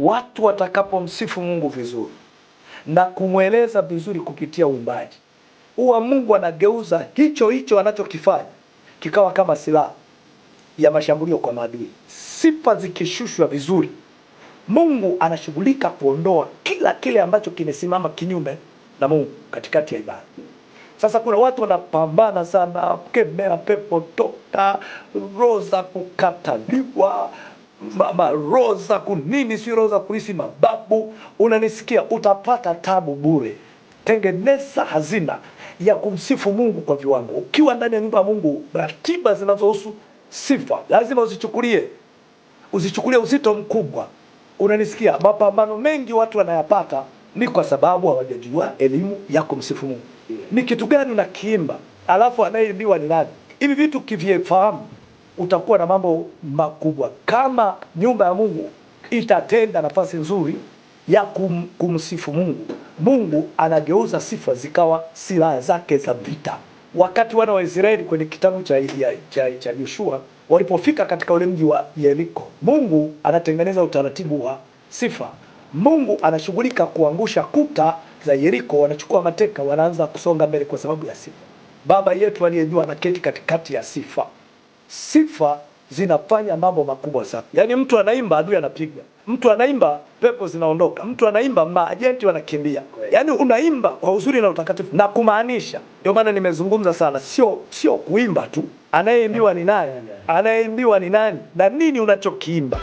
watu watakapomsifu Mungu vizuri na kumweleza vizuri kupitia uumbaji, huwa Mungu anageuza hicho hicho anachokifanya kikawa kama silaha ya mashambulio kwa maadui. Sifa zikishushwa vizuri, Mungu anashughulika kuondoa kila kile ambacho kimesimama kinyume na Mungu katikati ya ibada. Sasa kuna watu wanapambana sana, kemea pepo toka, roho za kukataliwa baba, roho za kunini, si roho za kurithi mababu. Unanisikia? Utapata tabu bure. Tengeneza hazina ya kumsifu Mungu kwa viwango. Ukiwa ndani ya nyumba ya Mungu, ratiba zinazohusu sifa lazima uzichukulie, uzichukulie uzito mkubwa. Unanisikia? Mapambano mengi watu wanayapata ni kwa sababu hawajajua elimu ya kumsifu Mungu. Ni kitu gani unakiimba, alafu anayeimbiwa ni nani? Hivi vitu kivyefahamu utakuwa na mambo makubwa. Kama nyumba ya Mungu itatenda nafasi nzuri ya kum, kumsifu Mungu, Mungu anageuza sifa zikawa silaha zake za vita. Wakati wana wa Israeli kwenye kitabu cha cha cha Yoshua walipofika katika ule mji wa Yeriko, Mungu anatengeneza utaratibu wa sifa. Mungu anashughulika kuangusha kuta za Yeriko, wanachukua mateka, wanaanza kusonga mbele kwa sababu ya sifa. Baba yetu aliyejua anaketi katikati ya sifa sifa zinafanya mambo makubwa sana. Yaani mtu anaimba adui anapiga, mtu anaimba pepo zinaondoka, mtu anaimba maajenti wanakimbia. Yaani unaimba kwa uzuri na utakatifu na kumaanisha. Ndio maana nimezungumza sana, sio sio kuimba tu. Anayeimbiwa ni nani? Anayeimbiwa ni nani? Na nini unachokiimba?